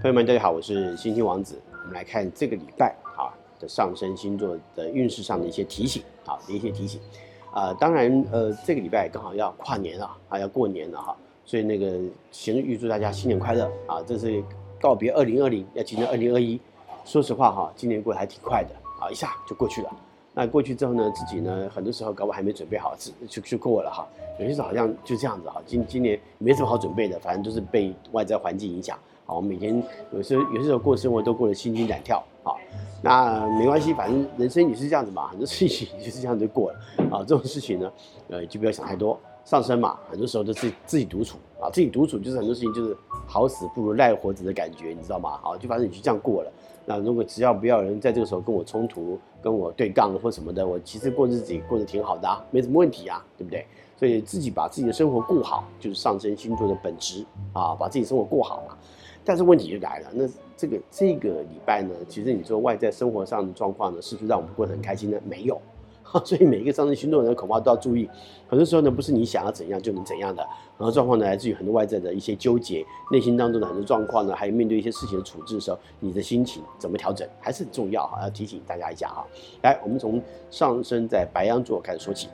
朋友們，大家好，我是星星王子。我們來看這個禮拜啊的上升星座的運勢上的一些提醒啊的一些提醒。啊，當然呃，這個禮拜剛好要跨年了啊，啊，要過年了哈、啊。所以那個先預祝大家新年快樂啊！這是告別二零二零，要進入二零二一。說實話哈、啊，今年過得還挺快的啊，一下就過去了。那過去之後呢，自己呢，很多時候搞我還沒準備好，自就就過了哈、啊。有些時候好像就這樣子哈，今今年沒什麼好準備的，反正都是被外在環境影響。我們每天有時候有些時候過生活都過得心驚膽跳。好，那沒關係，反正人生也是這樣子嘛，很多事情，就是這樣子就過了。啊，這種事情呢，呃，就不要想太多。上升嘛，很多時候都是自己自己獨處啊，自己獨處，處就是很多事情就是好死不如賴活着的感覺，你知道嗎？好，就反正你就這樣過了。那如果只要不要人在這個時候跟我衝突、跟我對槓或什麼的，我其實過日子過得挺好的啊，沒什麼問題啊，對不對？所以自己把自己的生活過好，就是上升星座的本質啊，把自己生活過好嘛。但是問題就來了，那這個這個禮拜呢，其實你說外在生活上的狀況呢，是不是讓我們過得很開心呢？沒有，所以每一個上升星座的人呢，恐怕都要注意，很多時候呢，不是你想要怎樣就能怎樣的，很多狀況呢來自於很多外在的一些糾結，內心當中的很多狀況呢，還有面對一些事情的處置的時候，你的心情怎麼調整還是很重要哈，要啊，提醒大家一下哈。來，我們從上升在白羊座開始說起。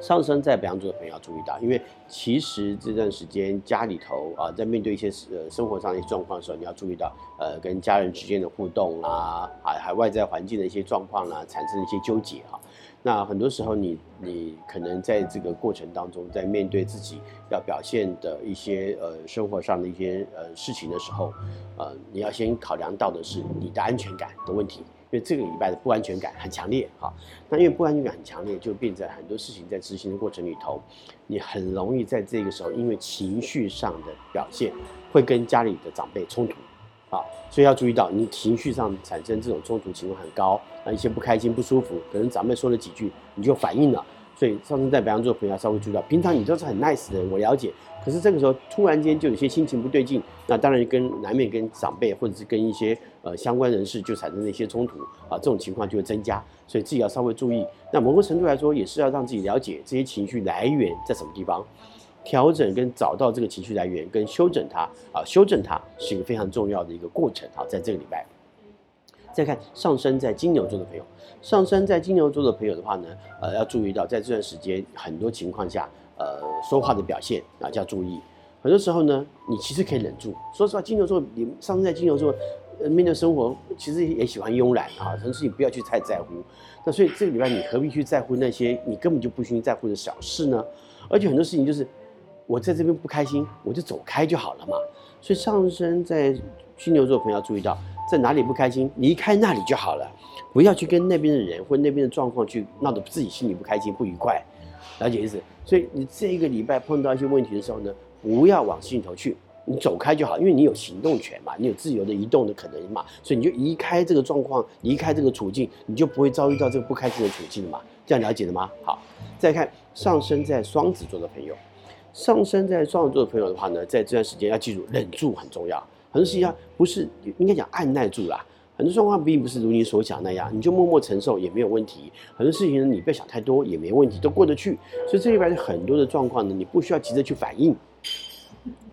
上升在白羊座的朋友要注意到，因為其實這段時間家裡頭啊，在面對一些呃生活上的一些狀況的時候，你要注意到，呃，跟家人之間的互動啊，啊，還外在環境的一些狀況啦，啊，產生一些糾結啊。那很多時候你，你你可能在這個過程當中，在面對自己要表現的一些呃生活上的一些呃事情的時候，呃，你要先考量到的是你的安全感的問題。因為這個禮拜的不安全感很強烈哈，那因為不安全感很強烈，就變成很多事情在執行的過程裡頭，你很容易在這個時候因為情緒上的表現，會跟家裡的長輩衝突，啊，所以要注意到你情緒上產生這種衝突情況很高，那一些不開心、不舒服，可能長輩說了幾句你就反應了，所以上升在白羊座的朋友要稍微注意到，平常你都是很 nice 的人，我了解。可是這個時候突然間就有些心情不對勁，那當然跟難免跟長輩或者是跟一些呃相關人士就產生了一些衝突啊、呃，這種情況就會增加，所以自己要稍微注意。那某個程度來說，也是要讓自己了解這些情緒來源在什麼地方，調整跟找到這個情緒來源，跟修整它啊、呃，修整它是一個非常重要的一個過程啊、呃。在這個禮拜，再看上升在金牛座的朋友，上升在金牛座的朋友的話呢，呃，要注意到在這段時間很多情況下。呃，說話的表現啊，就要注意。很多時候呢，你其實可以忍住。說實話，金牛座，你上升在金牛座，呃，面對生活其實也喜歡慵懶啊，很多事情不要去太在乎。那所以這個禮拜你何必去在乎那些你根本就不需要在乎的小事呢？而且很多事情就是，我在這邊不開心，我就走開就好了嘛。所以上升在金牛座朋友要注意到，在哪裡不開心，離開那裡就好了，不要去跟那邊的人或那邊的狀況去鬧得自己心裡不開心、不愉快。了解意思，所以你這個禮拜碰到一些問題的時候呢，不要往心裡頭去，你走開就好，因為你有行動權嘛，你有自由的移動的可能性嘛，所以你就移開這個狀況，離開這個處境，你就不會遭遇到這個不開心的處境了嘛。這樣了解了嗎？好，再看上升在雙子座的朋友，上升在雙子座的朋友的話呢，在這段時間要記住，忍住很重要，很多事情啊，不是應該講按捺住啦。很多狀況並不是如你所想那樣，你就默默承受也沒有問題。很多事情呢，你不要想太多也沒問題，都過得去。所以這裡邊的很多的狀況呢，你不需要急着去反應。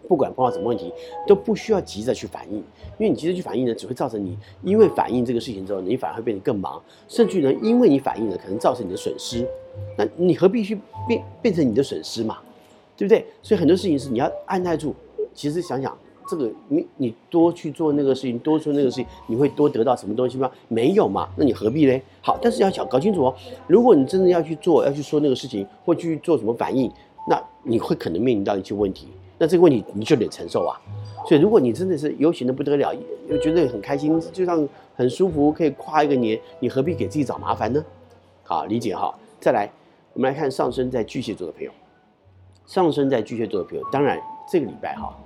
不管碰到什麼問題，都不需要急着去反應，因為你急着去反應呢，只會造成你因為反應這個事情之後，你反而會變得更忙，甚至呢，因為你反應了，可能造成你的損失。那你何必去變變成你的損失嘛？對不對？所以很多事情是你要按捺住。其實想想。這個你你多去做那個事情，多做那個事情，你會多得到什麼東西嗎？沒有嘛，那你何必嘞？好，但是要想搞清楚哦。如果你真的要去做，要去說那個事情，或去做什麼反應，那你會可能面臨到一些問題，那這個問題你就得承受啊。所以如果你真的是悠閒的不得了，又覺得很開心，就像很舒服，可以跨一個年，你何必給自己找麻煩呢？好，理解哈。再來，我們來看上升在巨蟹座的朋友，上升在巨蟹座的朋友，當然這個禮拜哈。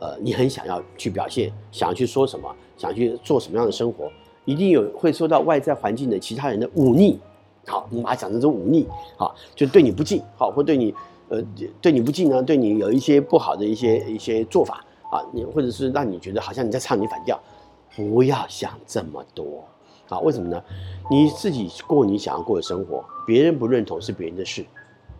呃，你很想要去表現，想去說什麼，想去做什麼樣的生活，一定有會受到外在環境的其他人的忤逆，好，我們把它講成是忤逆，好，就對你不敬，好，或對你，呃，對你不敬呢，對你有一些不好的一些一些做法，啊，你或者是讓你覺得好像你在唱你反調，不要想這麼多，啊，為什麼呢？你自己過你想要過的生活，別人不認同是別人的事。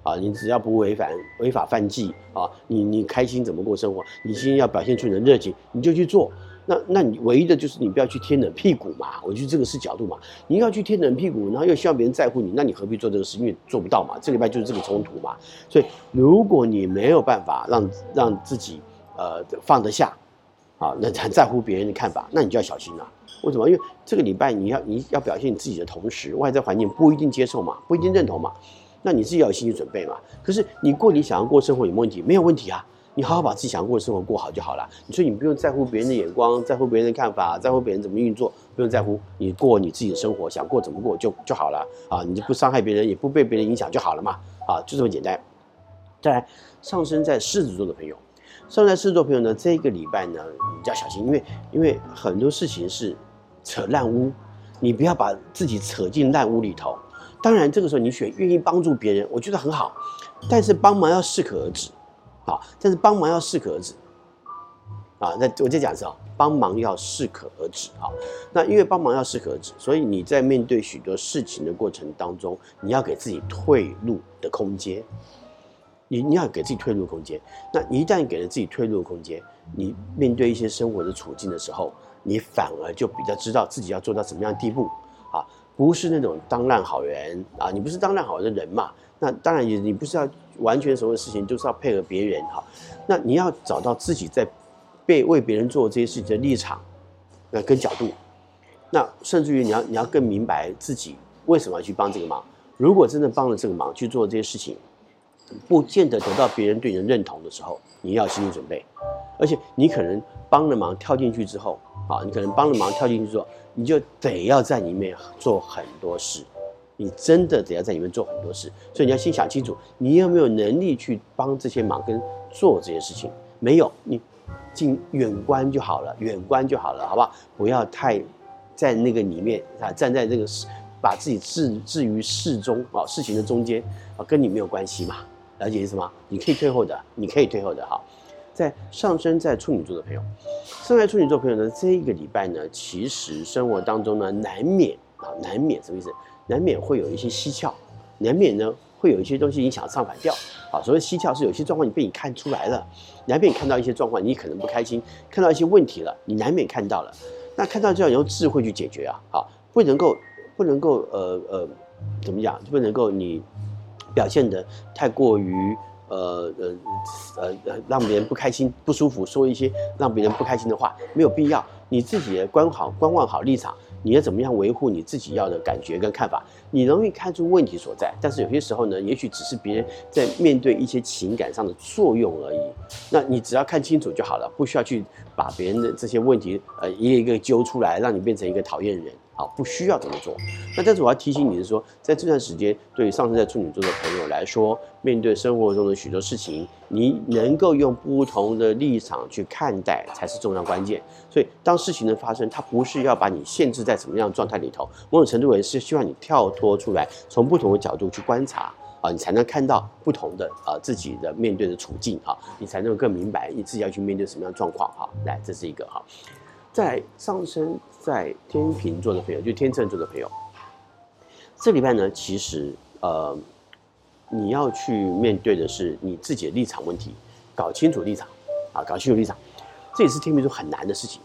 啊，你只要不違反違法犯紀啊，你你開心怎麼過生活？你今天要表現出你的熱情，你就去做。那那你唯一的就是你不要去貼冷屁股嘛，我覺得這個是角度嘛。你要去貼冷屁股，然後又希望別人在乎你，那你何必做這個事？因為做不到嘛。這禮拜就是這個衝突嘛。所以如果你沒有辦法讓讓自己呃放得下，啊，那在乎別人的看法，那你就要小心了啊。為什麼？因為這個禮拜你要你要表現你自己的同時，外在環境不一定接受嘛，不一定認同嘛。那你自己要有心理準備嘛。可是你過你想要過生活，有沒有問題？沒有問題啊。你好好把自己想要過的生活過好就好了。你說你不用在乎別人的眼光，在乎別人的看法，在乎別人怎麼運作，不用在乎，你過你自己的生活，想過怎麼過就就好了啊。你就不傷害別人，也不被別人影響就好了嘛。啊，就這麼簡單。再來，上升在獅子座的朋友，上升在獅子座的朋友呢，這個禮拜呢，你要小心，因為因為很多事情是扯爛污，你不要把自己扯進爛污裡頭。當然，這個時候你選願意幫助別人，我覺得很好，但是幫忙要適可而止，啊，但是幫忙要適可而止，啊，那我就講一下，幫忙要適可而止啊。那因為幫忙要適可而止，所以你在面對許多事情的過程當中，你要給自己退路的空間，你你要給自己退路的空間。那一旦給了自己退路的空間，你面對一些生活的處境的時候，你反而就比較知道自己要做到什麼樣的地步。不是那種當爛好人啊，你不是當爛好人的人嘛？那當然也，你不是要完全所有事情都是要配合別人哈。那你要找到自己在被為別人做這些事情的立場，那跟角度，那甚至於你要你要更明白自己為什麼要去幫這個忙。如果真的幫了這個忙去做這些事情，不見得得到別人對你的認同的時候，你要有心理準備，而且你可能幫了忙跳進去之後啊，你可能幫了忙跳進去之後。你就得要在裡面做很多事，你真的得要在裡面做很多事，所以你要先想清楚，你有沒有能力去幫這些忙跟做這些事情？沒有，你進遠觀就好了，遠觀就好了，好不好？不要太在那個裡面，啊，站在這個事，把自己置置於事中啊，事情的中間啊，跟你沒有關係嘛，了解意思嗎？你可以退後的，你可以退後的，好。在上升在處女座的朋友，生在處女座的朋友呢，這一個禮拜呢，其實生活當中呢，難免啊，難免什麼意思？難免會有一些蹊蹺，難免呢會有一些東西影響上反調啊。所謂蹊蹺是有些狀況你被你看出來了，難免看到一些狀況，你可能不開心，看到一些問題了，你難免看到了。那看到就要用智慧去解決啊，好，不能夠不能夠呃呃，怎麼講？就不能夠你表現得太過於。呃呃呃讓別人不開心、不舒服，說一些讓別人不開心的話，沒有必要。你自己也觀好、觀望好立場，你要怎麼樣維護你自己要的感覺跟看法？你容易看出問題所在，但是有些時候呢，也許只是別人在面對一些情感上的作用而已。那你只要看清楚就好了，不需要去把別人的這些問題呃一個一個揪出來，讓你變成一個討厭人。好，不需要這麼做。那但是我要提醒你的是說，在這段時間，對上升在處女座的朋友來說，面對生活中的許多事情，你能夠用不同的立場去看待，才是重要關鍵。所以，當事情的發生，它不是要把你限制在什麼樣的狀態裡頭。某種程度也是希望你跳脫出來，從不同的角度去觀察啊，你才能看到不同的啊自己的面對的處境啊，你才能夠更明白你自己要去面對什麼樣的狀況哈。來，這是一個哈。在上升在天秤座的朋友，就天秤座的朋友，這禮拜呢，其實呃，你要去面對的是你自己的立場問題，搞清楚立場，啊，搞清楚立場，這也是天秤座很難的事情。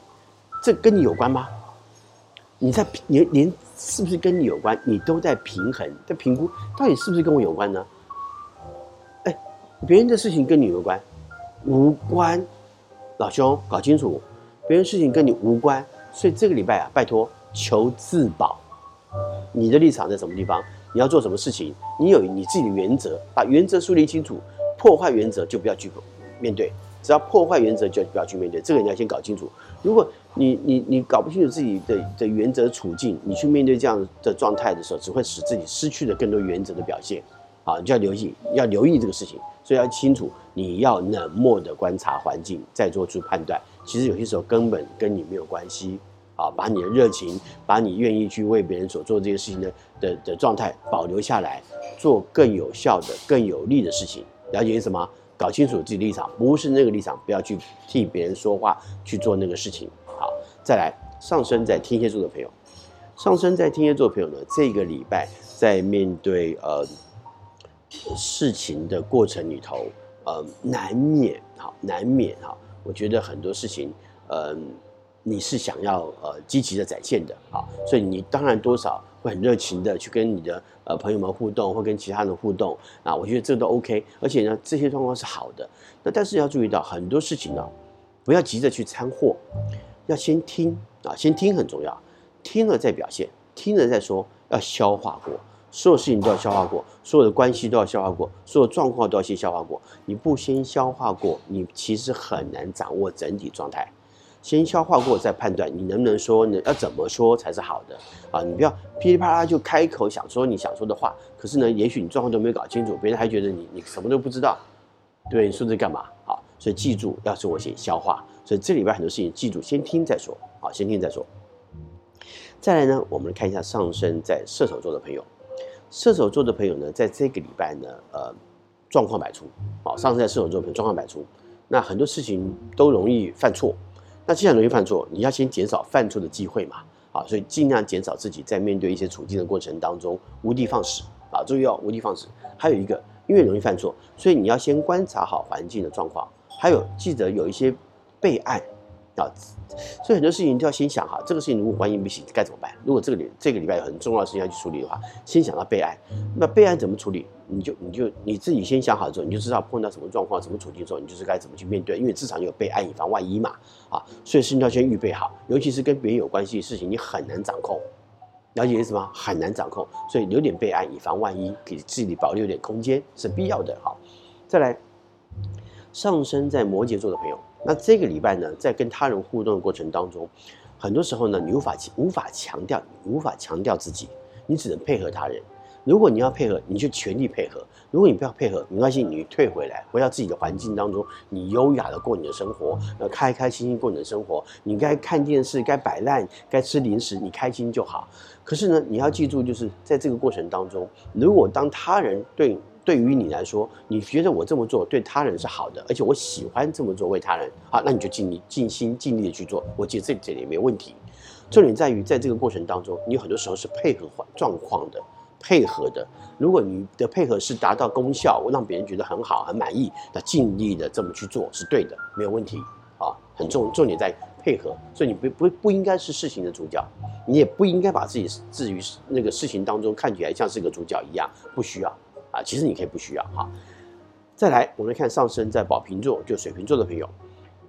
這跟你有關嗎？你在連連是不是跟你有關？你都在平衡，在評估，到底是不是跟我有關呢？哎，別人的事情跟你有關，無關，老兄，搞清楚。別人事情跟你無關，所以這個禮拜啊，拜託求自保。你的立場在什麼地方？你要做什麼事情？你有你自己的原則，把原則梳理清楚。破壞原則就不要去面對，只要破壞原則就不要去面對。這個你要先搞清楚。如果你你你搞不清楚自己的的原則處境，你去面對這樣的狀態的時候，只會使自己失去了更多原則的表現。好，你就要留意，要留意這個事情。所以要清楚，你要冷漠地觀察環境，再做出判斷。其實有些時候根本跟你沒有關係啊！把你的熱情，把你願意去為別人所做這個事情的的的狀態保留下來，做更有效的、更有利的事情。了解意思嗎？搞清楚自己的立場，不是那個立場，不要去替別人說話，去做那個事情。好，再來，上升在天蠍座的朋友，上升在天蠍座的朋友呢，這個禮拜在面對呃事情的過程裡頭，呃，難免哈，難免哈。好我覺得很多事情，嗯、呃，你是想要呃積極的展現的啊，所以你當然多少會很熱情的去跟你的呃朋友們互動，或跟其他人互動啊。我覺得這都 OK，而且呢，這些狀況是好的。那但是要注意到很多事情呢，不要急着去摻和，要先聽啊，先聽很重要，聽了再表現，聽了再說，要消化過。所有事情都要消化過，所有的關係都要消化過，所有狀況都要先消化過。你不先消化過，你其實很難掌握整體狀態。先消化過再判斷，你能不能說？能要怎麼說才是好的？啊，你不要噼裡啪啦就開口想說你想說的話。可是呢，也許你狀況都沒有搞清楚，別人還覺得你你什麼都不知道。對，對，你說這幹嘛？好，所以記住，要自我先消化。所以這裡邊很多事情，記住先聽再說。好，先聽再說。再來呢，我們看一下上升在射手座的朋友。射手座的朋友呢，在這個禮拜呢，呃，狀況百出，啊，上升在射手座朋友狀況百出，那很多事情都容易犯錯，那既然容易犯錯，你要先減少犯錯的機會嘛，啊，所以盡量減少自己在面對一些處境的過程當中無的放矢，啊，注意要、哦、無的放矢，還有一個，因為容易犯錯，所以你要先觀察好環境的狀況，還有記得有一些備案。啊，所以很多事情都要先想好，這個事情如果萬一不行該怎麼辦？如果這個裡這個禮拜有很重要的事情要去處理的話，先想到備案。那備案怎麼處理？你就你就你自己先想好之後，你就知道碰到什麼狀況、什麼處境之後，你就是該怎麼去面對。因為至少你有備案以防萬一嘛，啊，所以事情要先預備好。尤其是跟別人有關係的事情，你很難掌控。了解是什麼？很難掌控，所以留點備案以防萬一，給自己保留點空間是必要的哈。再來，上升在摩羯座的朋友。那這個禮拜呢，在跟他人互動的過程當中，很多時候呢，你無法無法強調，無法強調自己，你只能配合他人。如果你要配合，你就全力配合；如果你不要配合，沒關係，你退回來，回到自己的環境當中，你優雅的過你的生活，那開開心心過你的生活。你該看電視，該擺爛，該吃零食，你開心就好。可是呢，你要記住，就是在這個過程當中，如果當他人對對於你來說，你覺得我這麼做對他人是好的，而且我喜歡這麼做為他人，好、啊，那你就盡力，盡心盡力的去做，我覺得這點也沒問題。重點在於，在這個過程當中，你很多時候是配合狀況的，配合的。如果你的配合是達到功效，我讓別人覺得很好、很滿意，那盡力的這麼去做是對的，沒有問題。啊，很重重點在於配合，所以你不不不應該是事情的主角，你也不應該把自己置於那個事情當中，看起來像是個主角一樣，不需要。啊，其實你可以不需要哈。再來，我們來看上升在寶瓶座，就水瓶座的朋友，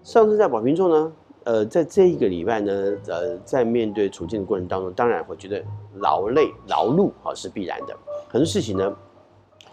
上升在寶瓶座呢，呃，在這一個禮拜呢，呃，在面對處境的過程當中，當然會覺得勞累、勞碌啊是必然的。很多事情呢，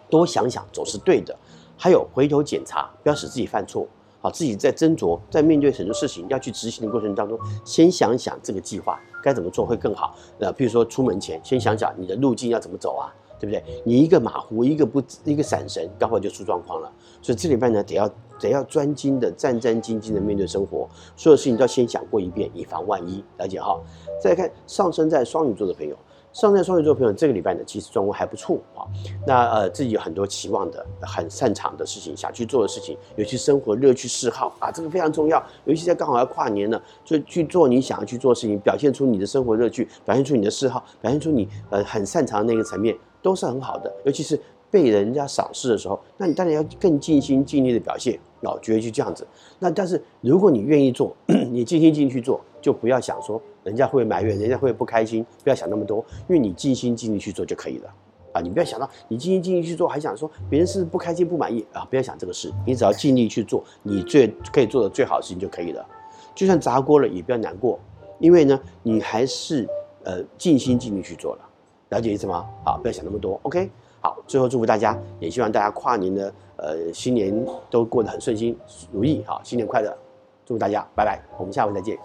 多想想總是對的。還有回頭檢查，不要使自己犯錯。好，自己在斟酌，在面對很多事情要去執行的過程當中，先想想這個計劃該怎麼做會更好。呃，比如說出門前，先想想你的路徑要怎麼走啊。對不對？你一個馬虎，一個不，一個閃神，剛好就出狀況了。所以這禮拜呢，得要得要專精的，戰戰兢兢的面對生活。所有事情都要先想過一遍，以防萬一。了解哈？再來看上升在雙魚座的朋友，上升在雙魚座朋友，這個禮拜呢，其實狀況還不錯啊。那呃，自己有很多期望的，很擅長的事情，想去做的事情，尤其生活樂趣嗜好啊，這個非常重要。尤其在剛好要跨年了，就去做你想要去做的事情，表現出你的生活樂趣，表現出你的嗜好，表現出你呃很擅長的那個層面。都是很好的，尤其是被人家賞識的時候，那你當然要更盡心盡力的表現。絕對就這樣子。那但是如果你願意做，你盡心盡力去做，就不要想說人家會埋怨，人家會不開心，不要想那麼多，因為你盡心盡力去做就可以了。啊，你不要想到你盡心盡力去做，還想說別人是不開心不滿意啊，不要想這個事，你只要盡力去做，你最可以做的最好的事情就可以了。就算砸鍋了，也不要難過，因為呢，你還是呃盡心盡力去做了。了解一次嗎？好，不要想那麼多。OK，好，最後祝福大家，也希望大家跨年的呃新年都過得很順心如意。好，新年快樂，祝福大家，拜拜，我們下回再見。